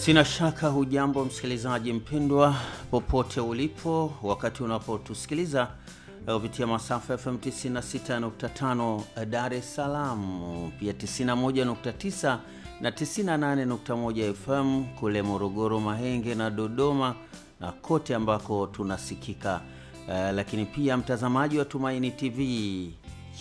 Sina shaka hujambo msikilizaji mpendwa, popote ulipo, wakati unapotusikiliza eh, kupitia masafa FM 96.5 eh, Dar es Salaam, pia 91.9 na 98.1 FM kule Morogoro, Mahenge na Dodoma na kote ambako tunasikika. Uh, lakini pia mtazamaji wa Tumaini TV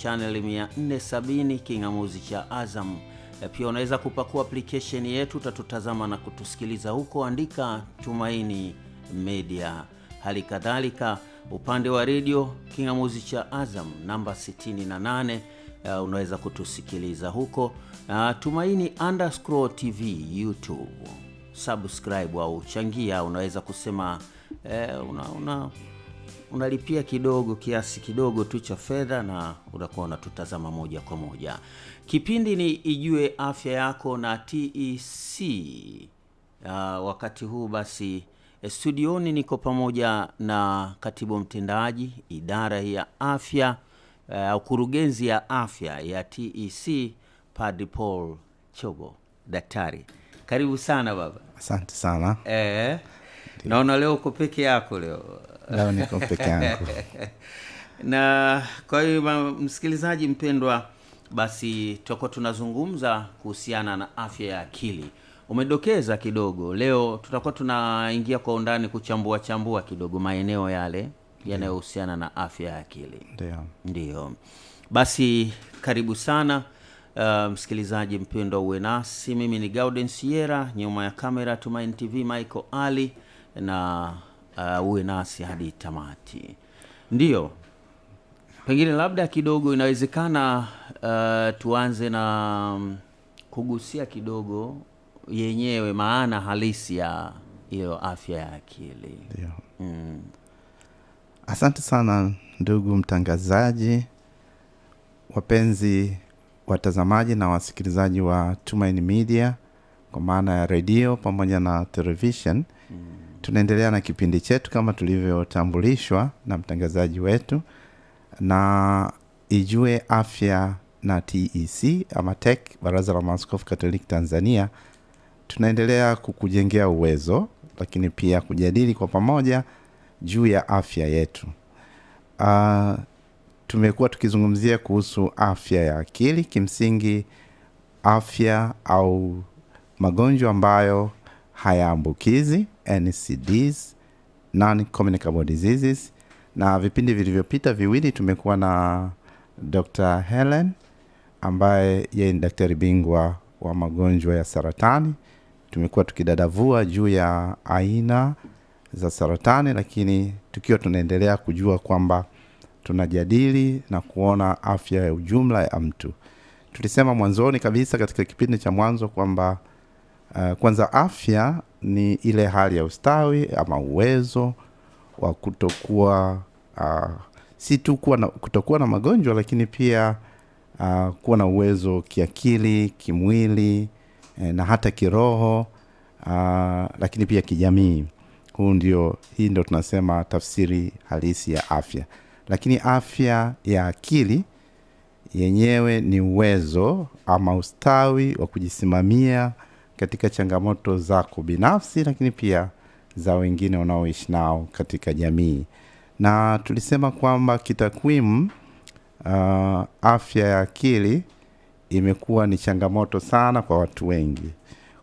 chaneli 470 king'amuzi cha Azam pia unaweza kupakua application yetu, utatutazama na kutusikiliza huko, andika Tumaini Media. Hali kadhalika upande wa redio king'amuzi cha Azam namba 68 Uh, unaweza kutusikiliza huko uh, Tumaini underscore TV YouTube subscribe au changia, unaweza kusema eh, una, una unalipia kidogo kiasi kidogo tu cha fedha na unakuwa unatutazama moja kwa moja. Kipindi ni Ijue Afya Yako na TEC. Uh, ah, wakati huu basi eh, studioni niko pamoja na katibu mtendaji idara ya afya uh, kurugenzi ya afya ya TEC Padri Paul Chogo. Daktari, karibu sana baba. Asante sana. Eh, naona leo uko peke yako leo leo niko peke yangu na kwa hiyo msikilizaji mpendwa basi tutakuwa tunazungumza kuhusiana na afya ya akili umedokeza kidogo leo tutakuwa tunaingia kwa undani kuchambua chambua kidogo maeneo yale yanayohusiana na afya ya akili ndio basi karibu sana uh, msikilizaji mpendwa uwe nasi mimi ni gaudensiera nyuma ya kamera tumain tv michael ali na uh, uwe nasi hadi tamati. Ndiyo, pengine labda kidogo inawezekana uh, tuanze na um, kugusia kidogo yenyewe maana halisi ya hiyo afya ya akili Ndiyo. Mm. asante sana ndugu mtangazaji wapenzi watazamaji na wasikilizaji wa tumaini media kwa maana ya redio pamoja na televishen mm. Tunaendelea na kipindi chetu kama tulivyotambulishwa na mtangazaji wetu, na Ijue Afya na TEC ama TEC, Baraza la maskofu Katoliki Tanzania. Tunaendelea kukujengea uwezo, lakini pia kujadili kwa pamoja juu ya afya yetu. Uh, tumekuwa tukizungumzia kuhusu afya ya akili, kimsingi afya au magonjwa ambayo hayaambukizi NCDs, non-communicable diseases. Na vipindi vilivyopita viwili tumekuwa na Dr. Helen ambaye yeye ni daktari bingwa wa magonjwa ya saratani. Tumekuwa tukidadavua juu ya aina za saratani, lakini tukiwa tunaendelea kujua kwamba tunajadili na kuona afya ya ujumla ya mtu. Tulisema mwanzoni kabisa katika kipindi cha mwanzo kwamba Eh, kwanza afya ni ile hali ya ustawi ama uwezo wa kutokuwa uh, si tu kuwa na, kutokuwa na magonjwa lakini pia uh, kuwa na uwezo kiakili, kimwili eh, na hata kiroho uh, lakini pia kijamii. Huu ndio, hii ndio tunasema tafsiri halisi ya afya, lakini afya ya akili yenyewe ni uwezo ama ustawi wa kujisimamia katika changamoto zako binafsi, lakini pia za wengine unaoishi nao katika jamii. Na tulisema kwamba kitakwimu, uh, afya ya akili imekuwa ni changamoto sana kwa watu wengi,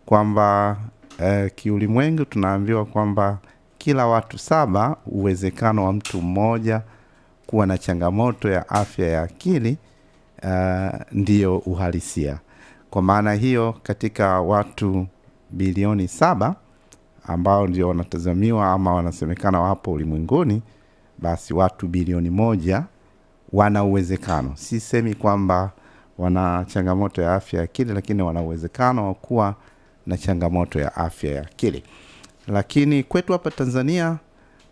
kwamba uh, kiulimwengu tunaambiwa kwamba kila watu saba, uwezekano wa mtu mmoja kuwa na changamoto ya afya ya akili uh, ndiyo uhalisia. Kwa maana hiyo, katika watu bilioni saba ambao ndio wanatazamiwa ama wanasemekana wapo ulimwenguni, basi watu bilioni moja wana uwezekano, sisemi kwamba wana changamoto ya afya ya akili, lakini wana uwezekano wa kuwa na changamoto ya afya ya akili. Lakini kwetu hapa Tanzania,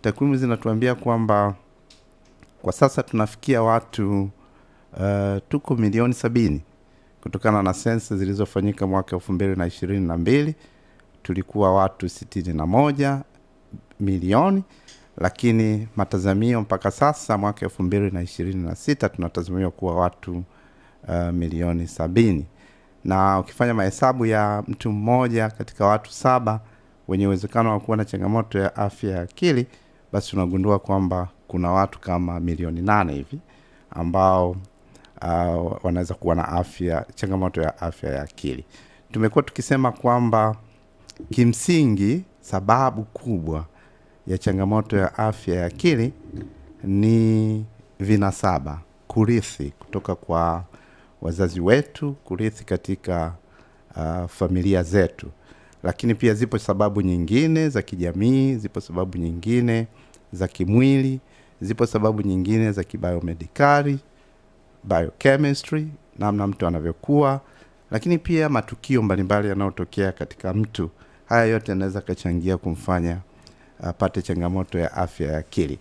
takwimu zinatuambia kwamba kwa sasa tunafikia watu uh, tuko milioni sabini Kutokana na sensa zilizofanyika mwaka elfu mbili na ishirini na mbili tulikuwa watu sitini na moja milioni, lakini matazamio mpaka sasa mwaka elfu mbili na ishirini na sita tunatazamiwa kuwa watu uh, milioni sabini na ukifanya mahesabu ya mtu mmoja katika watu saba wenye uwezekano wa kuwa na changamoto ya afya ya akili, basi unagundua kwamba kuna watu kama milioni nane hivi ambao wanaweza kuwa na afya changamoto ya afya ya akili tumekuwa tukisema kwamba kimsingi sababu kubwa ya changamoto ya afya ya akili ni vinasaba kurithi kutoka kwa wazazi wetu kurithi katika uh, familia zetu lakini pia zipo sababu nyingine za kijamii zipo sababu nyingine za kimwili zipo sababu nyingine za kibayomedikali biochemistry, namna mtu anavyokuwa, lakini pia matukio mbalimbali yanayotokea katika mtu. Haya yote yanaweza akachangia kumfanya apate uh, changamoto ya afya ya akili,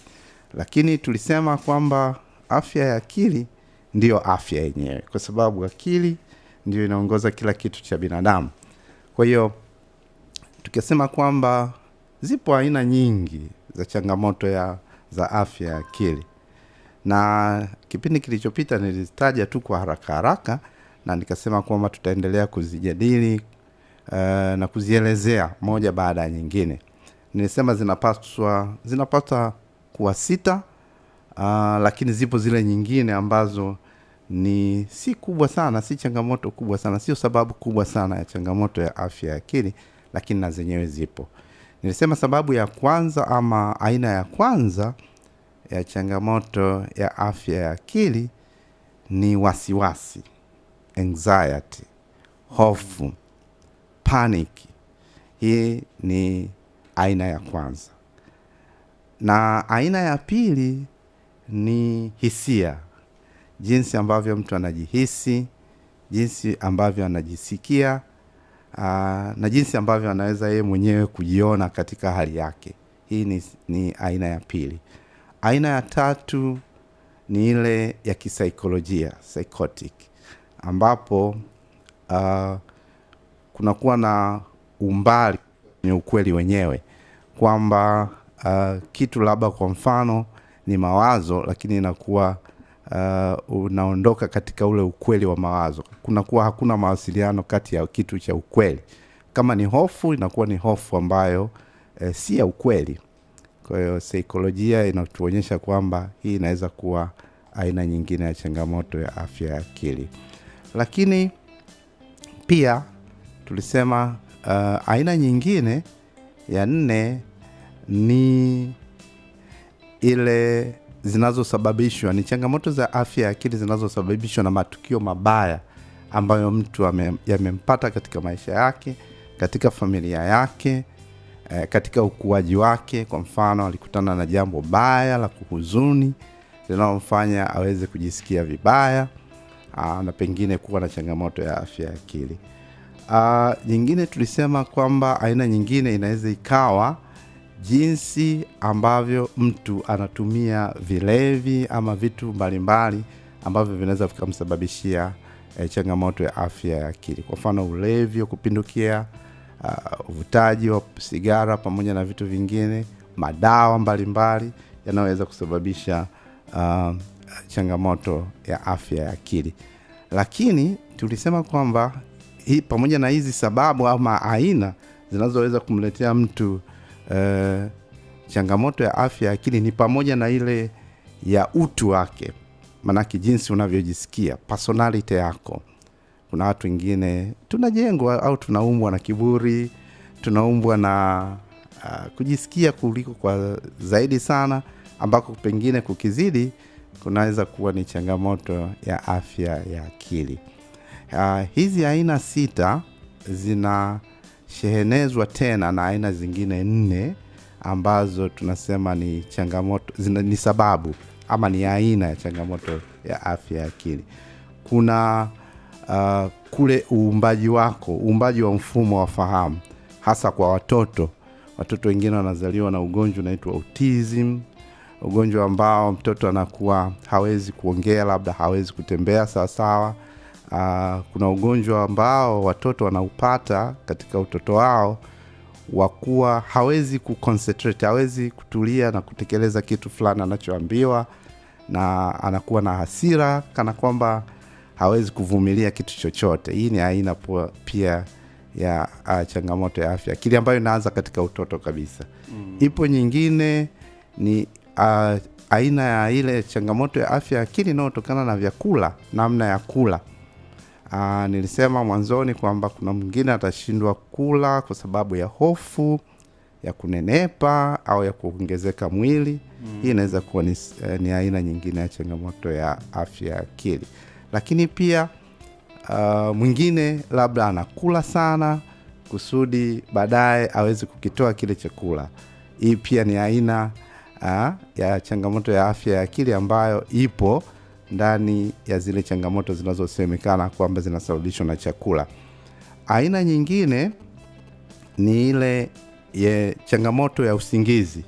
lakini tulisema kwamba afya ya akili ndiyo afya yenyewe, kwa sababu akili ndio inaongoza kila kitu cha binadamu. Kwa hiyo tukisema kwamba zipo aina nyingi za changamoto ya za afya ya akili na Kipindi kilichopita nilitaja tu kwa haraka haraka na nikasema kwamba tutaendelea kuzijadili uh, na kuzielezea moja baada ya nyingine. Nilisema zinapaswa zinapata kuwa sita, uh, lakini zipo zile nyingine ambazo ni si kubwa sana, si changamoto kubwa sana, sio sababu kubwa sana ya changamoto ya afya ya akili, lakini na zenyewe zipo. Nilisema sababu ya kwanza ama aina ya kwanza ya changamoto ya afya ya akili ni wasiwasi anxiety hofu panic hii ni aina ya kwanza na aina ya pili ni hisia jinsi ambavyo mtu anajihisi jinsi ambavyo anajisikia aa, na jinsi ambavyo anaweza yeye mwenyewe kujiona katika hali yake hii ni, ni aina ya pili Aina ya tatu ni ile ya kisaikolojia psychotic, ambapo uh, kunakuwa na umbali kwenye ukweli wenyewe kwamba uh, kitu labda kwa mfano ni mawazo, lakini inakuwa uh, unaondoka katika ule ukweli wa mawazo. Kunakuwa hakuna mawasiliano kati ya kitu cha ukweli. Kama ni hofu, inakuwa ni hofu ambayo eh, si ya ukweli. Kwa hiyo saikolojia inatuonyesha kwamba hii inaweza kuwa aina nyingine ya changamoto ya afya ya akili. Lakini pia tulisema uh, aina nyingine ya nne ni ile zinazosababishwa ni changamoto za afya ya akili zinazosababishwa na matukio mabaya ambayo mtu yamempata katika maisha yake, katika familia yake, eh, katika ukuaji wake. Kwa mfano, alikutana na jambo baya la kuhuzuni linalomfanya aweze kujisikia vibaya aa, ah, na pengine kuwa na changamoto ya afya ya akili. Aa, ah, nyingine tulisema kwamba aina nyingine inaweza ikawa jinsi ambavyo mtu anatumia vilevi ama vitu mbalimbali ambavyo vinaweza vikamsababishia e, changamoto ya afya ya akili, kwa mfano ulevi wa kupindukia Uh, uvutaji uh, wa sigara pamoja na vitu vingine, madawa mbalimbali yanayoweza kusababisha uh, changamoto ya afya ya akili. Lakini tulisema kwamba hii pamoja na hizi sababu ama aina zinazoweza kumletea mtu uh, changamoto ya afya ya akili ni pamoja na ile ya utu wake, maanake jinsi unavyojisikia, personality yako kuna watu wengine tunajengwa au tunaumbwa na kiburi tunaumbwa na uh, kujisikia kuliko kwa zaidi sana ambako pengine kukizidi kunaweza kuwa ni changamoto ya afya ya akili uh, hizi aina sita zinashehenezwa tena na aina zingine nne ambazo tunasema ni changamoto zina, ni sababu ama ni aina ya changamoto ya afya ya akili kuna uh, kule uumbaji wako, uumbaji wa mfumo wa fahamu, hasa kwa watoto. Watoto wengine wanazaliwa na ugonjwa unaitwa autism, ugonjwa ambao mtoto anakuwa hawezi kuongea, labda hawezi kutembea sawasawa. Uh, kuna ugonjwa ambao watoto wanaupata katika utoto wao wa kuwa hawezi ku hawezi kutulia na kutekeleza kitu fulani anachoambiwa, na anakuwa na hasira kana kwamba hawezi kuvumilia kitu chochote. Hii ni aina pia ya uh, changamoto ya afya akili ambayo inaanza katika utoto kabisa. mm. Ipo nyingine ni uh, aina ya ile changamoto ya afya akili inayotokana na vyakula, namna ya kula. Aa, ah, nilisema mwanzoni kwamba kuna mwingine atashindwa kula kwa sababu ya hofu ya kunenepa au ya kuongezeka mwili. mm. Hii inaweza kuwa ni, eh, ni aina nyingine ya changamoto ya afya ya akili lakini pia uh, mwingine labda anakula sana kusudi baadaye aweze kukitoa kile chakula. Hii pia ni aina uh, ya changamoto ya afya ya akili ambayo ipo ndani ya zile changamoto zinazosemekana kwamba zinasababishwa na chakula. Aina nyingine ni ile ye changamoto ya usingizi,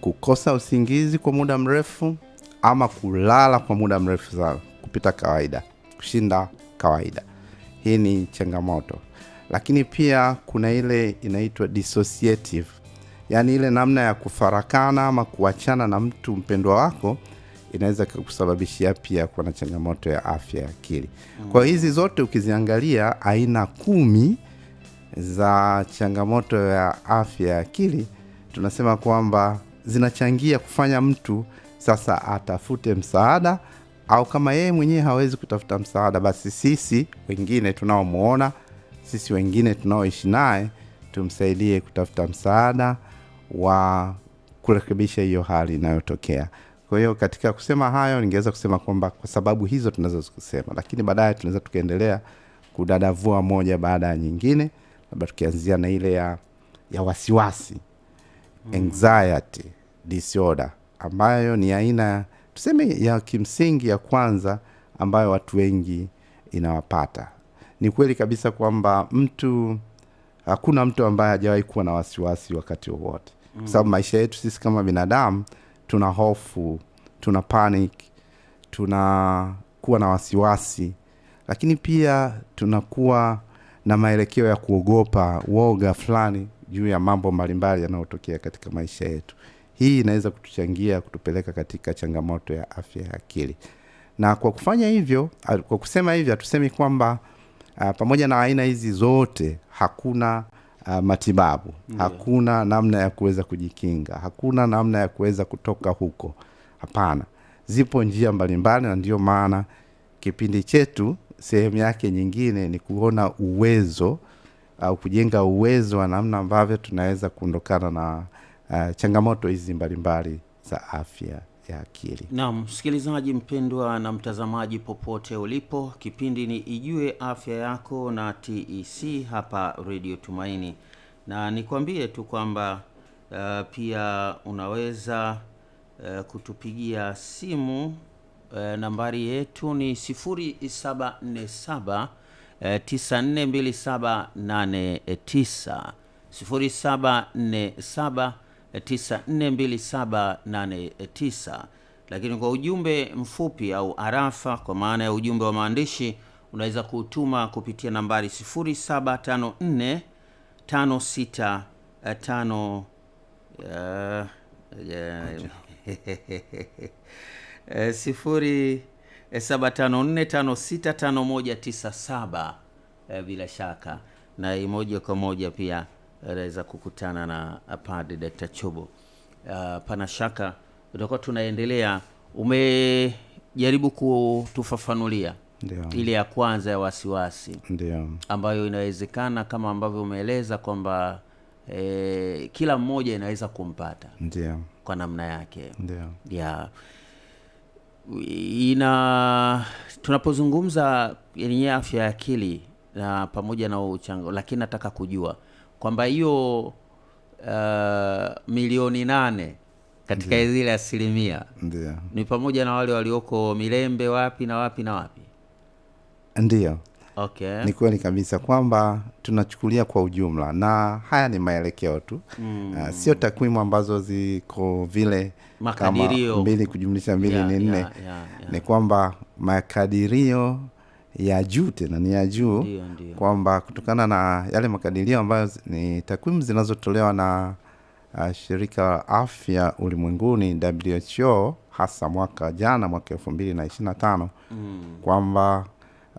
kukosa usingizi kwa muda mrefu ama kulala kwa muda mrefu sana kupita kawaida, kushinda kawaida. Hii ni changamoto, lakini pia kuna ile inaitwa dissociative, yaani ile namna ya kufarakana ama kuachana na mtu mpendwa wako inaweza kusababishia pia kuwa na changamoto ya afya ya akili. Mm. Kwa hizi zote ukiziangalia, aina kumi za changamoto ya afya ya akili tunasema kwamba zinachangia kufanya mtu sasa atafute msaada au kama yeye mwenyewe hawezi kutafuta msaada, basi sisi wengine tunaomwona sisi wengine tunaoishi naye tumsaidie kutafuta msaada wa kurekebisha hiyo hali inayotokea. Kwa hiyo katika kusema hayo, ningeweza kusema kwamba kwa sababu hizo tunazozisema, lakini baadaye tunaweza tukaendelea kudadavua moja baada ya nyingine, labda tukianzia na ile ya, ya wasiwasi mm. anxiety disorder ambayo ni aina tuseme ya kimsingi ya kwanza ambayo watu wengi inawapata ni kweli kabisa kwamba mtu hakuna mtu ambaye hajawahi kuwa na wasiwasi wakati wowote mm. kwa sababu maisha yetu sisi kama binadamu tuna hofu tuna panic tunakuwa na wasiwasi lakini pia tunakuwa na maelekeo ya kuogopa woga fulani juu ya mambo mbalimbali yanayotokea katika maisha yetu hii inaweza kutuchangia kutupeleka katika changamoto ya afya ya akili. Na kwa kufanya hivyo, kwa kusema hivyo, hatusemi kwamba uh, pamoja na aina hizi zote hakuna uh, matibabu yeah. Mm. Hakuna namna ya kuweza kujikinga, hakuna namna ya kuweza kutoka huko. Hapana, zipo njia mbalimbali, na ndiyo maana kipindi chetu sehemu yake nyingine ni kuona uwezo au uh, kujenga uwezo wa namna ambavyo tunaweza kuondokana na uh, changamoto hizi mbalimbali za afya ya akili. Naam, msikilizaji mpendwa na mtazamaji popote ulipo, kipindi ni Ijue Afya Yako na TEC hapa Redio Tumaini, na nikwambie tu kwamba uh, pia unaweza uh, kutupigia simu uh, nambari yetu ni 0747 942789 0747 9428789 lakini kwa ujumbe mfupi au arafa kwa maana ya ujumbe wa maandishi unaweza kuutuma kupitia nambari 0754 uh, yeah. bila shaka na moja kwa moja pia anaweza kukutana na Padre Dr. Chubo. Uh, ah, pana shaka utakuwa tunaendelea. Umejaribu kutufafanulia ile ya kwanza ya wasiwasi ambayo inawezekana kama ambavyo umeeleza kwamba e, kila mmoja inaweza kumpata Ndiyo. kwa namna yake Ndiyo. ya ina tunapozungumza yenye afya ya akili na pamoja na uchango, lakini nataka kujua kwamba hiyo uh, milioni nane katika zile asilimia ni pamoja na wale walioko Milembe wapi na wapi na wapi? Ndiyo. Okay. Ni kweli kabisa kwamba tunachukulia kwa ujumla, na haya ni maelekeo tu mm. Uh, sio takwimu ambazo ziko vile makadirio. kama mbili kujumlisha mbili yeah, ni nne yeah, yeah, yeah. Ni kwamba makadirio ya juu tena ni ya juu kwamba kutokana na yale makadirio ambayo ni takwimu zinazotolewa na uh, shirika la afya ulimwenguni who hasa mwaka jana mwaka elfu mbili na ishirina tano mm. kwamba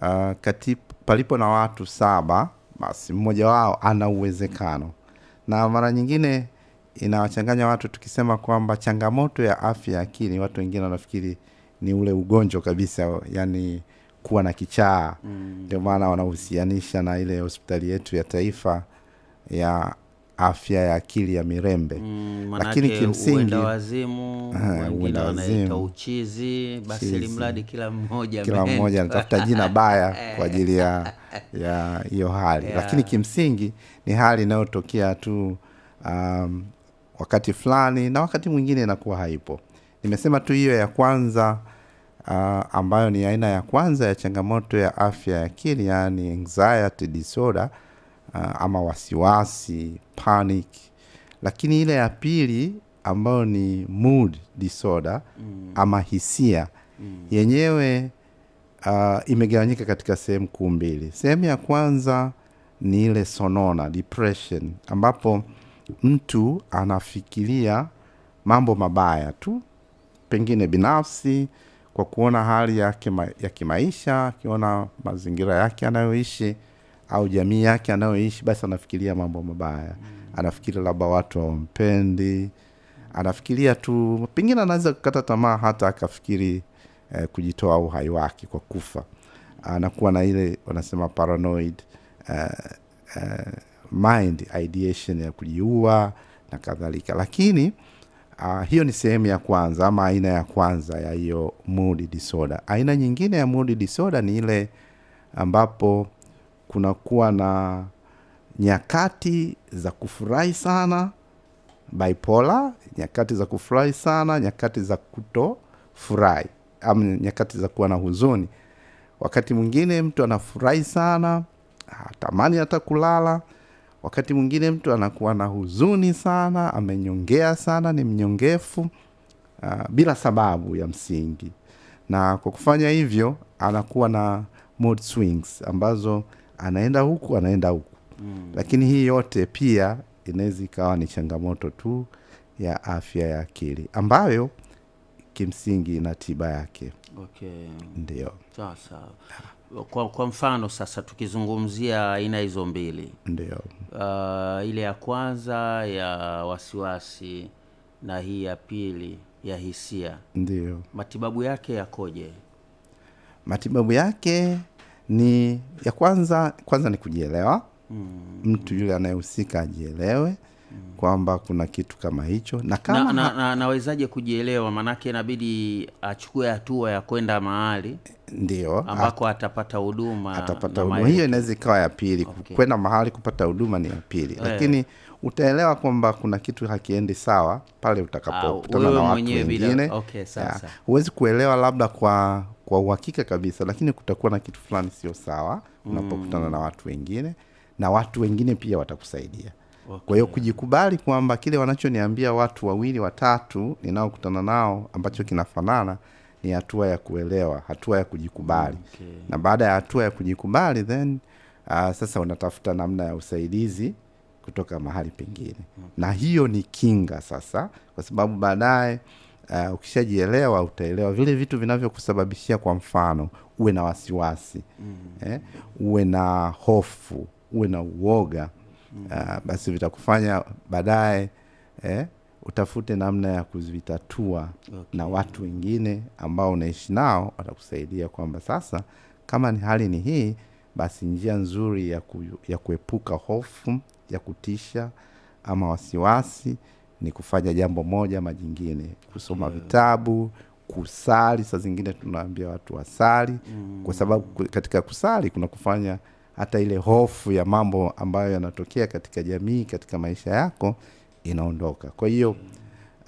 uh, kati palipo na watu saba basi mmoja wao ana uwezekano na mara nyingine inawachanganya watu tukisema kwamba changamoto ya afya ya akili watu wengine wanafikiri ni ule ugonjwa kabisa yani kuwa na kichaa mm. ndio mm. maana wanahusianisha na ile hospitali yetu ya taifa ya afya ya akili ya Mirembe mm, lakini kimsingi eh, wazimu uchizi, basi kila mmoja kila mmoja anatafuta jina baya kwa eh. ajili ya ya hiyo hali yeah. Lakini kimsingi ni hali inayotokea tu um, wakati fulani na wakati mwingine inakuwa haipo. Nimesema tu hiyo ya kwanza uh, ambayo ni aina ya kwanza ya changamoto ya afya ya akili, yaani anxiety disorder uh, ama wasiwasi panic. Lakini ile ya pili ambayo ni mood disorder mm. ama hisia mm. yenyewe uh, imegawanyika katika sehemu kuu mbili. Sehemu ya kwanza ni ile sonona depression, ambapo mtu anafikiria mambo mabaya tu, pengine binafsi kwa kuona hali yake ya kimaisha, akiona mazingira yake anayoishi au jamii yake anayoishi, basi anafikiria mambo mabaya mm. Anafikiria labda watu hawampendi, anafikiria tu, pengine anaweza kukata tamaa, hata akafikiri eh, kujitoa uhai wake kwa kufa. Anakuwa na ile wanasema paranoid eh, eh, mind ideation ya kujiua na kadhalika, lakini Uh, hiyo ni sehemu ya kwanza ama aina ya kwanza ya hiyo mood disorder. Aina nyingine ya mood disorder ni ile ambapo kunakuwa na nyakati za kufurahi sana bipolar, nyakati za kufurahi sana, nyakati za kutofurahi ama nyakati za kuwa na huzuni. Wakati mwingine mtu anafurahi sana, atamani hata kulala Wakati mwingine mtu anakuwa na huzuni sana, amenyongea sana, ni mnyongefu uh, bila sababu ya msingi, na kwa kufanya hivyo anakuwa na mood swings ambazo anaenda huku anaenda huku mm. Lakini hii yote pia inaweza ikawa ni changamoto tu ya afya ya akili ambayo kimsingi ina tiba yake. Okay. Ndio, sawa sawa kwa, kwa mfano sasa tukizungumzia aina hizo mbili ndio, uh, ile ya kwanza ya wasiwasi na hii ya pili ya hisia, ndio, matibabu yake yakoje? Matibabu yake ni ya kwanza, kwanza ni kujielewa mm. Mtu yule anayehusika ajielewe kwamba kuna kitu kama hicho na kama na, na, na kujielewa? Maanake inabidi achukue hatua ya kwenda mahali ndio ambako atapata huduma, atapata huduma hiyo. Inaweza ikawa ya pili, okay. Kwenda mahali kupata huduma ni ya pili yeah. Lakini utaelewa kwamba kuna kitu hakiendi sawa pale utakapokutana ah, na watu wengine. Okay, huwezi kuelewa labda kwa kwa uhakika kabisa, lakini kutakuwa na kitu fulani sio sawa mm. unapokutana mm. na watu wengine, na watu wengine pia watakusaidia Okay. Kwa hiyo kujikubali kwamba kile wanachoniambia watu wawili watatu ninaokutana nao ambacho kinafanana ni hatua ya kuelewa, hatua ya kujikubali. Okay. Na baada ya hatua ya kujikubali then uh, sasa unatafuta namna ya usaidizi kutoka mahali pengine. Okay. Na hiyo ni kinga sasa, kwa sababu baadaye uh, ukishajielewa utaelewa vile vitu vinavyokusababishia, kwa mfano uwe na wasiwasi mm. eh, uwe na hofu, uwe na uoga mm. uh, basi vitakufanya baadaye eh, utafute namna ya kuvitatua okay. na watu wengine ambao unaishi nao watakusaidia kwamba sasa kama ni hali ni hii basi njia nzuri ya, ku, ya kuepuka hofu ya kutisha ama wasiwasi ni kufanya jambo moja ama jingine kusoma yeah. vitabu kusali saa zingine tunaambia watu wasali mm. kwa sababu katika kusali kuna kufanya hata ile hofu ya mambo ambayo yanatokea katika jamii, katika maisha yako inaondoka. Kwa hiyo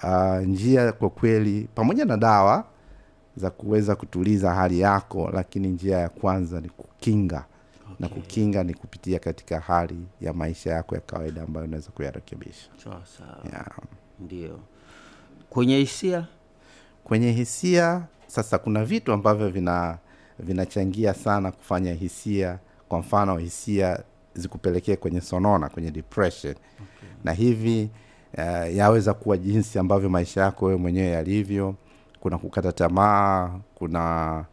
uh, njia kwa kweli, pamoja na dawa za kuweza kutuliza hali yako, lakini njia ya kwanza ni kukinga okay. Na kukinga ni kupitia katika hali ya maisha yako ya kawaida ambayo unaweza kuyarekebisha. yeah. Ndio kwenye hisia, kwenye hisia sasa, kuna vitu ambavyo vina vinachangia sana kufanya hisia kwa mfano hisia zikupelekee kwenye sonona kwenye depression okay. na hivi uh, yaweza kuwa jinsi ambavyo maisha yako wewe mwenyewe yalivyo kuna kukata tamaa kuna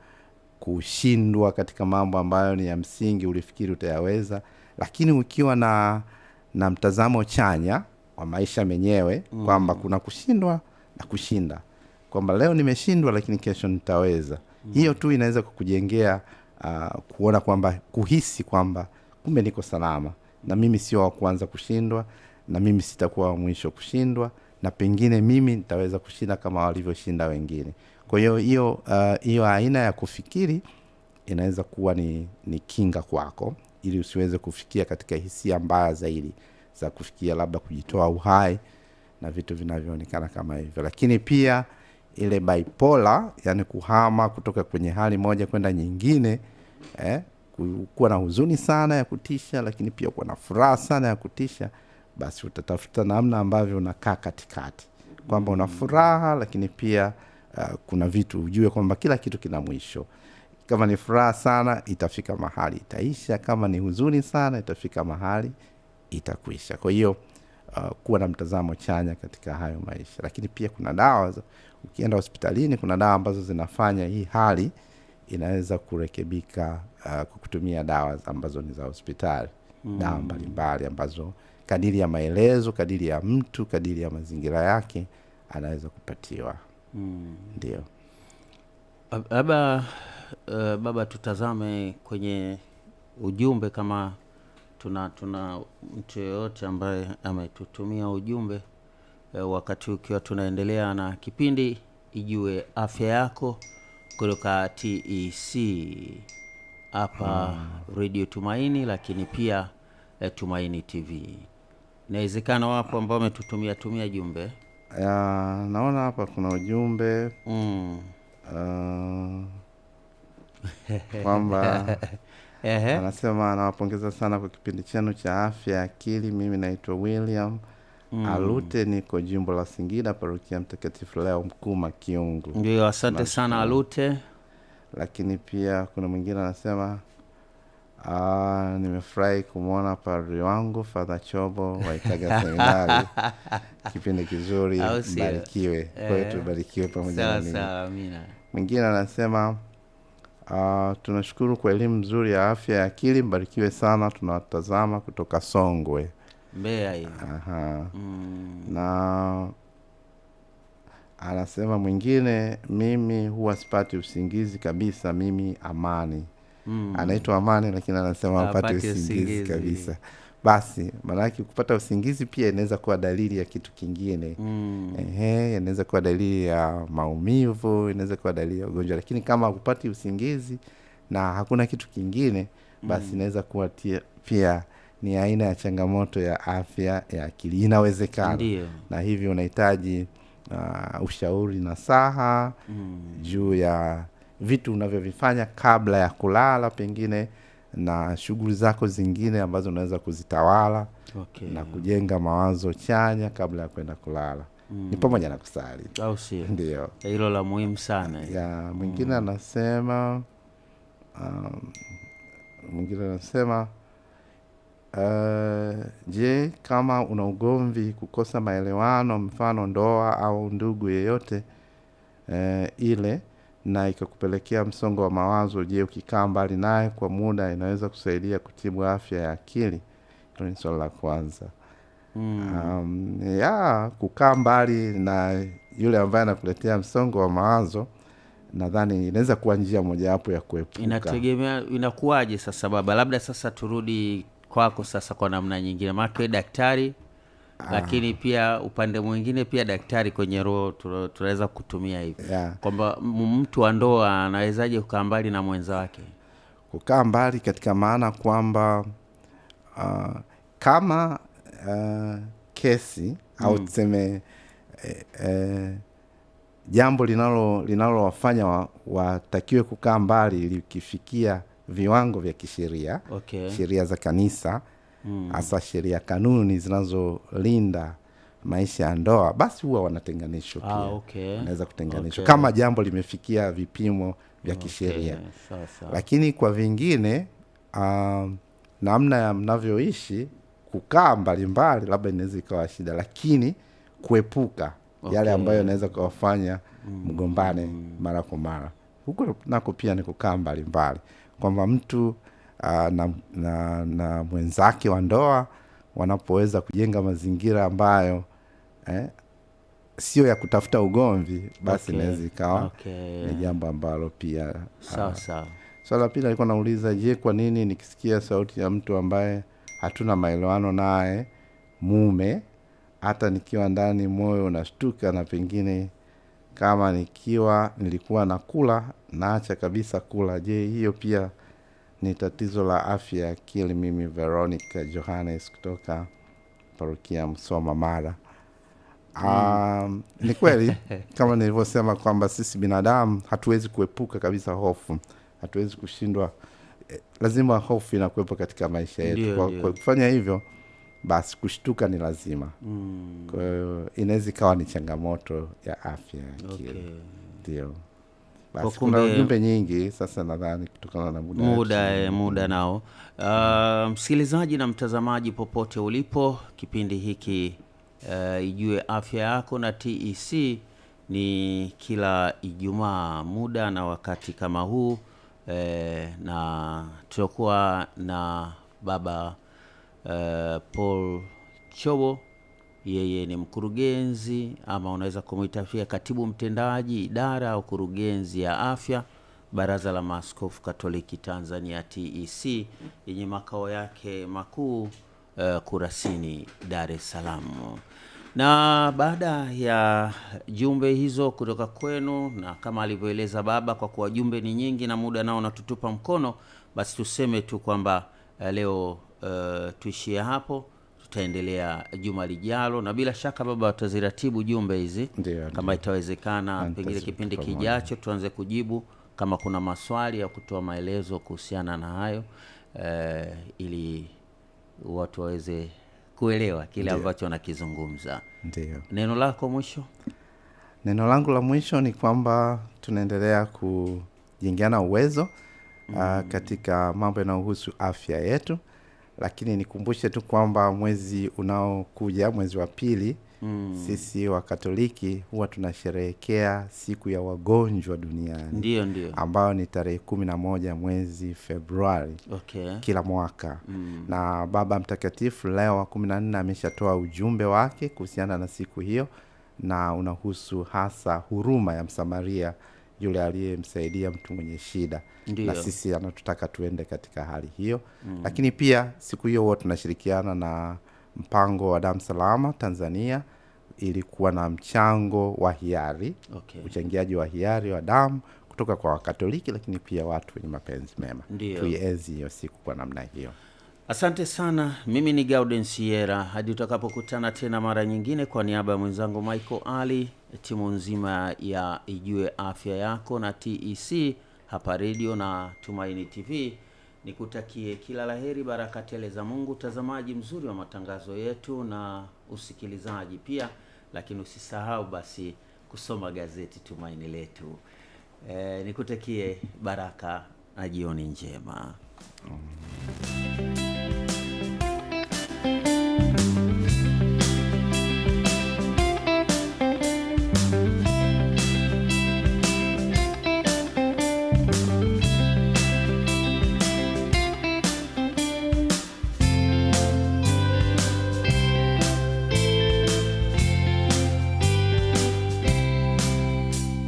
kushindwa katika mambo ambayo ni ya msingi ulifikiri utayaweza lakini ukiwa na na mtazamo chanya wa maisha menyewe mm. kwamba kuna kushindwa na kushinda kwamba leo nimeshindwa lakini kesho nitaweza mm. hiyo tu inaweza kukujengea uh, kuona kwamba kuhisi kwamba kumbe niko salama na mimi sio wa kwanza kushindwa na mimi sitakuwa wa mwisho kushindwa na pengine mimi nitaweza kushinda kama walivyoshinda wengine kwa hiyo hiyo uh, hiyo uh, aina ya kufikiri inaweza kuwa ni, ni kinga kwako ili usiweze kufikia katika hisia mbaya zaidi za kufikia labda kujitoa uhai na vitu vinavyoonekana kama hivyo lakini pia ile bipolar, yani kuhama kutoka kwenye hali moja kwenda nyingine eh, kuwa na huzuni sana ya kutisha, lakini pia kuwa na furaha sana ya kutisha, basi utatafuta namna ambavyo unakaa katikati kwamba una furaha lakini pia uh, kuna vitu ujue kwamba kila kitu kina mwisho. Kama ni furaha sana, itafika mahali itaisha. Kama ni huzuni sana, itafika mahali itakwisha. Kwa hiyo uh, kuwa na mtazamo chanya katika hayo maisha lakini pia kuna dawa ukienda hospitalini kuna dawa ambazo zinafanya hii hali inaweza kurekebika uh, kutumia dawa ambazo ni za hospitali mm. dawa mbalimbali ambazo kadiri ya maelezo kadiri ya mtu kadiri ya mazingira yake anaweza kupatiwa mm. ndio labda uh, baba tutazame kwenye ujumbe kama tuna tuna mtu yoyote ambaye ametutumia ujumbe e, wakati ukiwa tunaendelea na kipindi ijue afya yako kutoka TEC hapa hmm. Radio Tumaini, lakini pia e, Tumaini TV. Inawezekana wapo ambao wametutumia tumia jumbe ya, naona hapa kuna ujumbe mm. uh, kwamba Ehe. Anasema anawapongeza sana kwa kipindi chenu cha afya ya akili. Mimi naitwa William Mm. Alute niko jimbo la Singida, parokia Mtakatifu Leo Mkuu Makiungu. Ndio, asante sana Alute. Lakini pia kuna mwingine anasema Ah, nimefurahi kumwona padri wangu Fadha Chobo wa Itaga Seminari. Kipindi kizuri, barikiwe kwetu, eh. barikiwe pamoja na mwingine anasema Uh, tunashukuru kwa elimu nzuri ya afya ya akili. Mbarikiwe sana, tunawatazama kutoka Songwe, Mbeya uh-huh. Mm. Na anasema mwingine, mimi huwa sipati usingizi kabisa, mimi Amani. Mm. Anaitwa Amani lakini anasema apati usingizi kabisa basi maanake kupata usingizi pia inaweza kuwa dalili ya kitu kingine mm. Ehe, inaweza kuwa dalili ya maumivu, inaweza kuwa dalili ya ugonjwa, lakini kama hupati usingizi na hakuna kitu kingine basi mm. inaweza mm. kuwa tia, pia ni aina ya changamoto ya afya ya akili, inawezekana, na hivyo unahitaji uh, ushauri na saha mm. juu ya vitu unavyovifanya kabla ya kulala pengine na shughuli zako zingine ambazo unaweza kuzitawala okay, na kujenga mawazo chanya kabla ya kwenda kulala mm. Ni pamoja na kusali, au sio? Ndio hilo la muhimu sana ya mwingine mm. Anasema um, mwingine anasema uh, je, kama una ugomvi, kukosa maelewano, mfano ndoa au ndugu yeyote uh, ile na ikakupelekea msongo wa mawazo, je, ukikaa mbali naye kwa muda inaweza kusaidia kutibu afya ya akili? Hilo ni swala la kwanza. Mm. Um, ya kukaa mbali na yule ambaye anakuletea msongo wa mawazo nadhani inaweza kuwa njia mojawapo ya kuepuka. Inategemea inakuwaje sasa baba, labda sasa turudi kwako sasa kwa namna nyingine, maanake daktari Ah. Lakini pia upande mwingine pia daktari kwenye roho tunaweza kutumia hivi yeah. Kwamba mtu wa ndoa anawezaje kukaa mbali na mwenza wake? Kukaa mbali katika maana kwamba uh, kama uh, kesi mm. au hmm. tuseme eh, eh, jambo linalo linalowafanya watakiwe wa kukaa mbali likifikia viwango vya kisheria okay. Sheria za kanisa Mm. hasa mm. sheria kanuni zinazolinda maisha ya ndoa, basi huwa wanatenganishwa ah, pia. Ah, okay. wanaweza kutenganishwa okay. kama jambo limefikia vipimo vya kisheria okay. Lakini kwa vingine um, namna ya mnavyoishi kukaa mbalimbali, labda inaweza ikawa shida, lakini kuepuka okay. yale ambayo anaweza kuwafanya mm. mgombane mm. mara kwa mara, huko nako pia ni kukaa mbalimbali, kwamba mtu Ah, na, na, na mwenzake wa ndoa wanapoweza kujenga mazingira ambayo eh, sio ya kutafuta ugomvi basi okay. naweza ikawa okay. ni jambo ambalo pia ah, sawa swala so, pili alikuwa nauliza je kwa nini nikisikia sauti ya mtu ambaye hatuna maelewano naye mume hata nikiwa ndani moyo unashtuka na pengine kama nikiwa nilikuwa nakula naacha kabisa kula je hiyo pia ni tatizo la afya ya akili. Mimi Veronica Johannes kutoka parokia Msoma, Mara. Mm. Um, ni kweli kama nilivyosema kwamba sisi binadamu hatuwezi kuepuka kabisa hofu, hatuwezi kushindwa eh, lazima hofu inakuwepo katika maisha yetu. Kwa, kwa kufanya hivyo basi kushtuka ni lazima mm. Kwa hiyo inaweza ikawa ni changamoto ya afya ya akili okay. Ndio basi kuna ujumbe nyingi sasa nadhani kutokana na muda muda, e, muda nao uh, msikilizaji na mtazamaji popote ulipo kipindi hiki uh, ijue afya yako na tec ni kila ijumaa muda na wakati kama huu eh, na tutakuwa na baba uh, paul chobo yeye ni mkurugenzi ama unaweza kumwita pia katibu mtendaji idara au kurugenzi ya afya Baraza la Maaskofu Katoliki Tanzania TEC yenye makao yake makuu uh, Kurasini, Dar es Salaam. Na baada ya jumbe hizo kutoka kwenu, na kama alivyoeleza baba, kwa kuwa jumbe ni nyingi na muda nao natutupa mkono, basi tuseme tu kwamba eh, leo uh, tuishie hapo tutaendelea juma lijalo, na bila shaka baba, tutaziratibu jumbe hizi kama itawezekana, pengine kipindi kijacho tuanze kujibu kama kuna maswali ya kutoa maelezo kuhusiana na hayo eh, ili watu waweze kuelewa kile ambacho wanakizungumza. Ndio neno lako mwisho. Neno langu la mwisho ni kwamba tunaendelea kujengeana uwezo mm. uh, katika mambo yanayohusu afya yetu lakini nikumbushe tu kwamba mwezi unaokuja mwezi wa pili mm. sisi wakatoliki huwa tunasherehekea siku ya wagonjwa duniani ndio ndio ambayo ni tarehe kumi na moja mwezi februari okay. kila mwaka mm. na baba mtakatifu leo wa kumi na nne ameshatoa ujumbe wake kuhusiana na siku hiyo na unahusu hasa huruma ya msamaria yule aliyemsaidia mtu mwenye shida Ndiyo. na sisi anatutaka tuende katika hali hiyo mm. lakini pia siku hiyo huwa tunashirikiana na mpango wa damu salama tanzania ilikuwa na mchango wa hiari okay. uchangiaji wa hiari wa damu kutoka kwa wakatoliki lakini pia watu wenye mapenzi mema tuienzi hiyo siku kwa namna hiyo Asante sana. Mimi ni Gauden Sierra, hadi utakapokutana tena mara nyingine, kwa niaba ya mwenzangu Michael Ali, timu nzima ya Ijue Afya Yako na TEC hapa redio na Tumaini TV, nikutakie kila laheri, baraka tele za Mungu, utazamaji mzuri wa matangazo yetu na usikilizaji pia, lakini usisahau basi kusoma gazeti Tumaini Letu. E, nikutakie baraka na jioni njema.